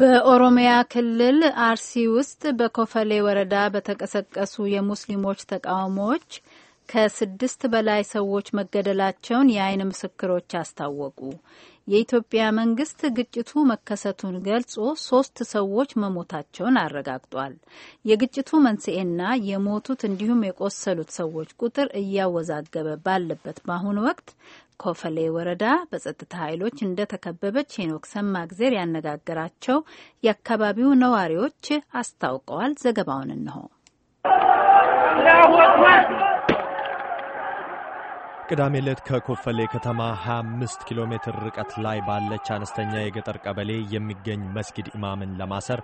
በኦሮሚያ ክልል አርሲ ውስጥ በኮፈሌ ወረዳ በተቀሰቀሱ የሙስሊሞች ተቃውሞዎች ከስድስት በላይ ሰዎች መገደላቸውን የአይን ምስክሮች አስታወቁ። የኢትዮጵያ መንግስት ግጭቱ መከሰቱን ገልጾ ሶስት ሰዎች መሞታቸውን አረጋግጧል። የግጭቱ መንስኤና የሞቱት እንዲሁም የቆሰሉት ሰዎች ቁጥር እያወዛገበ ባለበት በአሁኑ ወቅት ኮፈሌ ወረዳ በጸጥታ ኃይሎች እንደተከበበች ሄኖክ ሰማእግዜር ያነጋገራቸው የአካባቢው ነዋሪዎች አስታውቀዋል። ዘገባውን እንሆ ቅዳሜ ዕለት ከኮፈሌ ከተማ 25 ኪሎ ሜትር ርቀት ላይ ባለች አነስተኛ የገጠር ቀበሌ የሚገኝ መስጊድ ኢማምን ለማሰር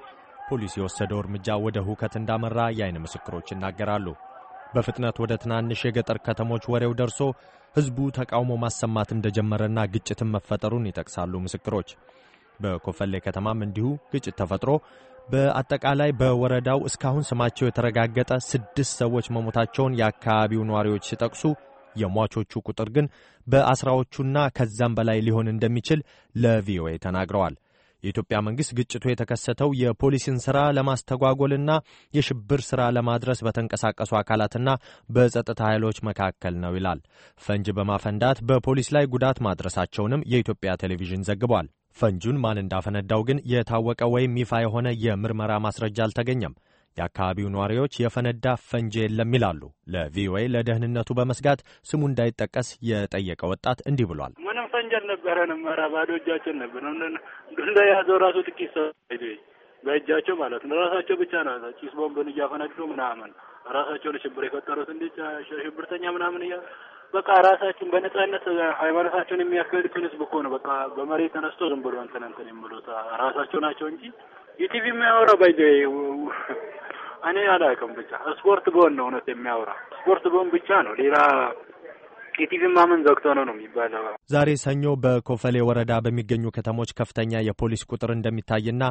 ፖሊስ የወሰደው እርምጃ ወደ ሁከት እንዳመራ የአይን ምስክሮች ይናገራሉ። በፍጥነት ወደ ትናንሽ የገጠር ከተሞች ወሬው ደርሶ ሕዝቡ ተቃውሞ ማሰማት እንደጀመረና ግጭትን መፈጠሩን ይጠቅሳሉ ምስክሮች። በኮፈሌ ከተማም እንዲሁ ግጭት ተፈጥሮ በአጠቃላይ በወረዳው እስካሁን ስማቸው የተረጋገጠ ስድስት ሰዎች መሞታቸውን የአካባቢው ነዋሪዎች ሲጠቅሱ የሟቾቹ ቁጥር ግን በአስራዎቹና ከዛም በላይ ሊሆን እንደሚችል ለቪኦኤ ተናግረዋል። የኢትዮጵያ መንግሥት ግጭቱ የተከሰተው የፖሊስን ሥራ ለማስተጓጎልና የሽብር ሥራ ለማድረስ በተንቀሳቀሱ አካላትና በጸጥታ ኃይሎች መካከል ነው ይላል። ፈንጅ በማፈንዳት በፖሊስ ላይ ጉዳት ማድረሳቸውንም የኢትዮጵያ ቴሌቪዥን ዘግቧል። ፈንጁን ማን እንዳፈነዳው ግን የታወቀ ወይም ይፋ የሆነ የምርመራ ማስረጃ አልተገኘም። የአካባቢው ነዋሪዎች የፈነዳ ፈንጂ የለም ይላሉ። ለቪኦኤ ለደህንነቱ በመስጋት ስሙ እንዳይጠቀስ የጠየቀ ወጣት እንዲህ ብሏል። ምንም ፈንጂ አልነበረንም። ኧረ ባዶ እጃችን ነበር። ዱንዳ የያዘው ራሱ ጥቂት ሰው በእጃቸው ማለት ነው። ራሳቸው ብቻ ነው ጭስ ቦምብን እያፈነዱ ምናምን ራሳቸውን ሽብር የፈጠሩት እንዴ ሽብርተኛ ምናምን እያ በቃ ራሳችን በነጻነት ሃይማኖታቸውን የሚያስገድቱን ህዝብ እኮ ነው። በቃ በመሬት ተነስቶ ዝም ብሎ እንትን እንትን የሚሉት ራሳቸው ናቸው እንጂ የቲቪ የሚያወራው ባይ እኔ አላውቅም። ብቻ ስፖርት ጎን ነው እውነት የሚያወራ ስፖርት ጎን ብቻ ነው ሌላ ኢቲቪ ማመን ዘግቶ ነው ነው የሚባለው። ዛሬ ሰኞ በኮፈሌ ወረዳ በሚገኙ ከተሞች ከፍተኛ የፖሊስ ቁጥር እንደሚታይና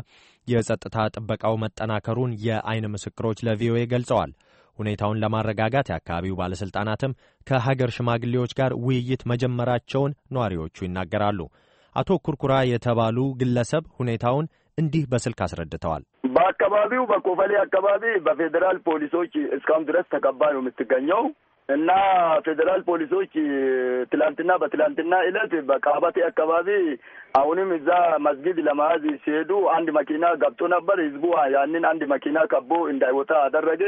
የጸጥታ ጥበቃው መጠናከሩን የአይን ምስክሮች ለቪኦኤ ገልጸዋል። ሁኔታውን ለማረጋጋት የአካባቢው ባለሥልጣናትም ከሀገር ሽማግሌዎች ጋር ውይይት መጀመራቸውን ነዋሪዎቹ ይናገራሉ። አቶ ኩርኩራ የተባሉ ግለሰብ ሁኔታውን እንዲህ በስልክ አስረድተዋል። በአካባቢው በኮፈሌ አካባቢ በፌዴራል ፖሊሶች እስካሁን ድረስ ተከባ ነው የምትገኘው እና ፌዴራል ፖሊሶች ትላንትና በትላንትና እለት በቃባቴ አካባቢ አሁንም እዛ መስጊድ ለመያዝ ሲሄዱ አንድ መኪና ገብቶ ነበር። ህዝቡ ያንን አንድ መኪና ከቦ እንዳይወጣ አደረገ።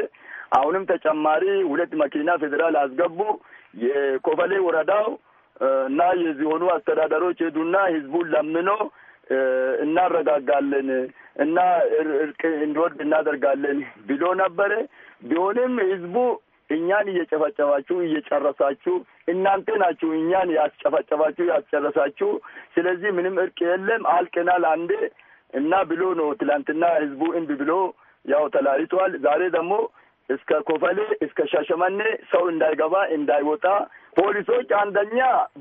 አሁንም ተጨማሪ ሁለት መኪና ፌዴራል አስገቡ። የኮፈሌ ወረዳው እና የዚሆኑ አስተዳደሮች ሄዱና ህዝቡን ለምኖ እናረጋጋለን እና እርቅ እንዲወርድ እናደርጋለን ብሎ ነበረ። ቢሆንም ህዝቡ እኛን እየጨፈጨፋችሁ እየጨረሳችሁ እናንተ ናችሁ እኛን ያስጨፈጨፋችሁ ያስጨረሳችሁ። ስለዚህ ምንም እርቅ የለም አልቅናል አንዴ እና ብሎ ነው ትላንትና ህዝቡ እምቢ ብሎ ያው ተለያይቷል። ዛሬ ደግሞ እስከ ኮፈሌ እስከ ሻሸመኔ ሰው እንዳይገባ እንዳይወጣ ፖሊሶች አንደኛ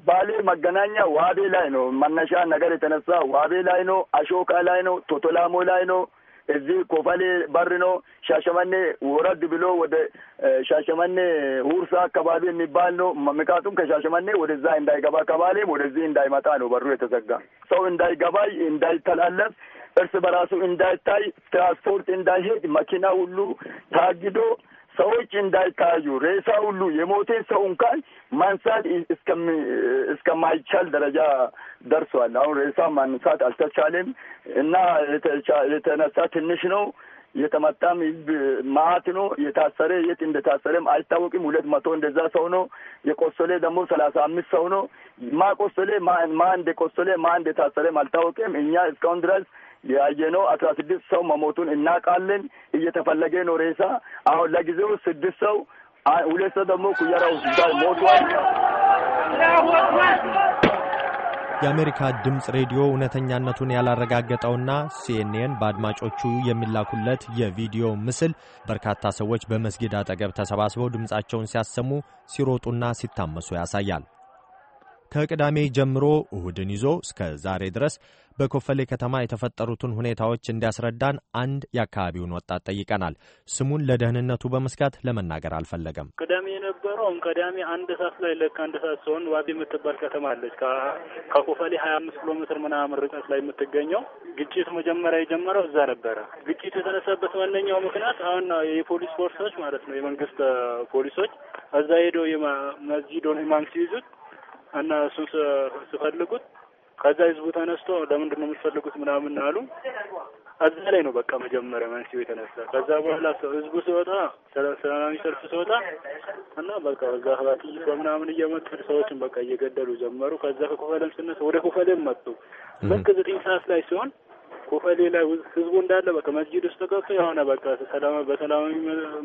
ባሌ መገናኛ ዋቤ ላይ ነው መነሻ ነገር የተነሳ ዋቤ ላይ ነው፣ አሾካ ላይ ነው፣ ቶቶላሞ ላይ ነው፣ እዚህ ኮፈሌ በር ነው። ሻሸመኔ ወረድ ብሎ ወደ ሻሸመኔ ሁርሳ አካባቢ የሚባል ነው። ምክንያቱም ከሻሸመኔ ወደዛ እንዳይገባ ከባሌም ወደዚህ እንዳይመጣ ነው በሩ የተዘጋ ሰው እንዳይገባ እንዳይተላለፍ እርስ በራሱ እንዳይታይ ትራንስፖርት እንዳይሄድ መኪና ሁሉ ታግዶ ሰዎች እንዳይታዩ ሬሳ ሁሉ የሞቴ ሰው እንኳን ማንሳት እስከማይቻል ደረጃ ደርሷል። አሁን ሬሳ ማንሳት አልተቻለም እና የተነሳ ትንሽ ነው የተመጣም ህዝብ ማአት ነው። የታሰረ የት እንደታሰረም አይታወቅም። ሁለት መቶ እንደዛ ሰው ነው። የቆሰለ ደግሞ ሰላሳ አምስት ሰው ነው። ማ ቆሰለ ማ እንደቆሰለ ማ እንደታሰረም አልታወቅም። እኛ እስካሁን ድረስ ያየነው አስራ ስድስት ሰው መሞቱን እናውቃለን። እየተፈለገ ነው ሬሳ አሁን ለጊዜው ስድስት ሰው ሁለት ሰው ደግሞ ኩያራ ሆስፒታል ሞቷል። የአሜሪካ ድምፅ ሬዲዮ እውነተኛነቱን ያላረጋገጠውና ሲኤንኤን በአድማጮቹ የሚላኩለት የቪዲዮ ምስል በርካታ ሰዎች በመስጊድ አጠገብ ተሰባስበው ድምፃቸውን ሲያሰሙ፣ ሲሮጡና ሲታመሱ ያሳያል። ከቅዳሜ ጀምሮ እሁድን ይዞ እስከ ዛሬ ድረስ በኮፈሌ ከተማ የተፈጠሩትን ሁኔታዎች እንዲያስረዳን አንድ የአካባቢውን ወጣት ጠይቀናል። ስሙን ለደህንነቱ በመስጋት ለመናገር አልፈለገም። ቅዳሜ የነበረውም ቅዳሜ አንድ ሰዓት ላይ ልክ አንድ ሰዓት ሲሆን ዋቢ የምትባል ከተማ አለች። ከኮፈሌ ሀያ አምስት ኪሎ ሜትር ምናምን ርቀት ላይ የምትገኘው ግጭት መጀመሪያ የጀመረው እዛ ነበረ። ግጭት የተነሳበት ዋነኛው ምክንያት አሁን የፖሊስ ፎርሶች ማለት ነው የመንግስት ፖሊሶች እዛ ሄደው የመዚዶን ኢማም ሲይዙት እና እሱን ስፈልጉት ከዛ ህዝቡ ተነስቶ ለምንድን ነው የምትፈልጉት ምናምን አሉ። እዛ ላይ ነው በቃ መጀመሪያ መንስኤው የተነሳ። ከዛ በኋላ ሰው ህዝቡ ሲወጣ ሰላማዊ ሰልፍ ሲወጣ እና በቃ በዛ ህባት በምናምን እየመጡ ሰዎችን በቃ እየገደሉ ጀመሩ። ከዛ ከኮፈለም ስነሳ ወደ ኮፈለም መጡ። ልክ ዘጠኝ ሰዓት ላይ ሲሆን ኮፈሌ ላይ ህዝቡ እንዳለ በቃ መስጂድ ውስጥ ተገብቶ የሆነ በቃ ሰላማ በሰላማዊ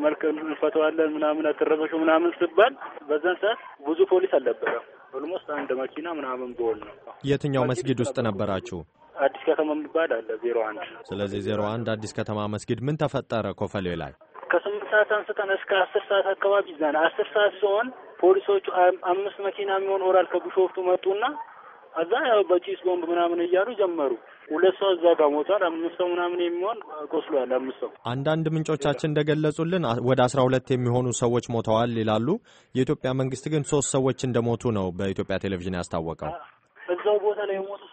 መልክ እንፈተዋለን ምናምን አትረበሹ ምናምን ሲባል በዛን ሰዓት ብዙ ፖሊስ አልነበረም። ኦልሞስት አንድ መኪና ምናምን በወል ነው። የትኛው መስጊድ ውስጥ ነበራችሁ? አዲስ ከተማ የሚባል አለ ዜሮ አንድ። ስለዚህ ዜሮ አንድ አዲስ ከተማ መስጊድ ምን ተፈጠረ? ኮፈሌ ላይ ከስምንት ሰዓት አንስተን እስከ አስር ሰዓት አካባቢ ይዛል። አስር ሰዓት ሲሆን ፖሊሶቹ አምስት መኪና የሚሆን ኦራል ከቢሾፍቱ መጡና እዛ ያው በጪስ ቦምብ ምናምን እያሉ ጀመሩ። ሁለት ሰው እዛ ጋር ሞቷል። አምስት ሰው ምናምን የሚሆን ቆስሏል። አምስት ሰው አንዳንድ ምንጮቻችን እንደገለጹልን ወደ አስራ ሁለት የሚሆኑ ሰዎች ሞተዋል ይላሉ። የኢትዮጵያ መንግስት ግን ሶስት ሰዎች እንደሞቱ ነው በኢትዮጵያ ቴሌቪዥን ያስታወቀው። እዛው ቦታ ላይ የሞቱ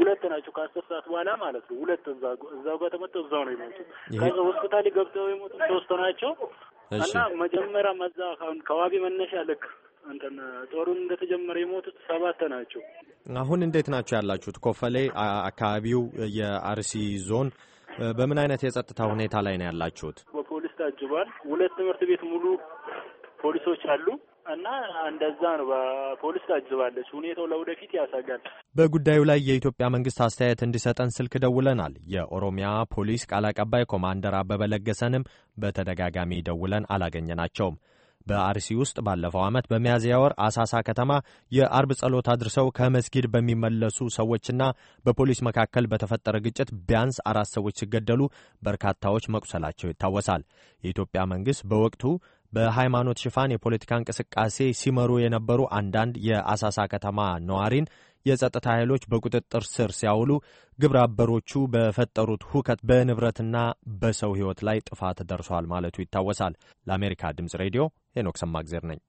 ሁለት ናቸው። ከአስር ሰዓት በኋላ ማለት ነው። ሁለት እዛው ጋር ተመተው እዛው ነው የሞቱ። ከዛ ሆስፒታል ገብተው የሞቱ ሶስት ናቸው እና መጀመሪያ መዛ ከዋቢ መነሻ ልክ እንትን ጦሩን እንደተጀመረ የሞቱት ሰባት ናቸው። አሁን እንዴት ናቸው ያላችሁት? ኮፈሌ አካባቢው የአርሲ ዞን በምን አይነት የጸጥታ ሁኔታ ላይ ነው ያላችሁት? በፖሊስ ታጅቧል። ሁለት ትምህርት ቤት ሙሉ ፖሊሶች አሉ እና እንደዛ ነው። በፖሊስ ታጅባለች። ሁኔታው ለወደፊት ያሳጋል። በጉዳዩ ላይ የኢትዮጵያ መንግስት አስተያየት እንዲሰጠን ስልክ ደውለናል። የኦሮሚያ ፖሊስ ቃል አቀባይ ኮማንደር አበበ ለገሰንም በተደጋጋሚ ደውለን አላገኘናቸውም። በአርሲ ውስጥ ባለፈው ዓመት በሚያዝያ ወር አሳሳ ከተማ የአርብ ጸሎት አድርሰው ከመስጊድ በሚመለሱ ሰዎችና በፖሊስ መካከል በተፈጠረ ግጭት ቢያንስ አራት ሰዎች ሲገደሉ በርካታዎች መቁሰላቸው ይታወሳል። የኢትዮጵያ መንግሥት በወቅቱ በሃይማኖት ሽፋን የፖለቲካ እንቅስቃሴ ሲመሩ የነበሩ አንዳንድ የአሳሳ ከተማ ነዋሪን የጸጥታ ኃይሎች በቁጥጥር ስር ሲያውሉ ግብረ አበሮቹ በፈጠሩት ሁከት በንብረትና በሰው ሕይወት ላይ ጥፋት ደርሷል ማለቱ ይታወሳል። ለአሜሪካ ድምፅ ሬዲዮ ሄኖክ ሰማግዜር ነኝ።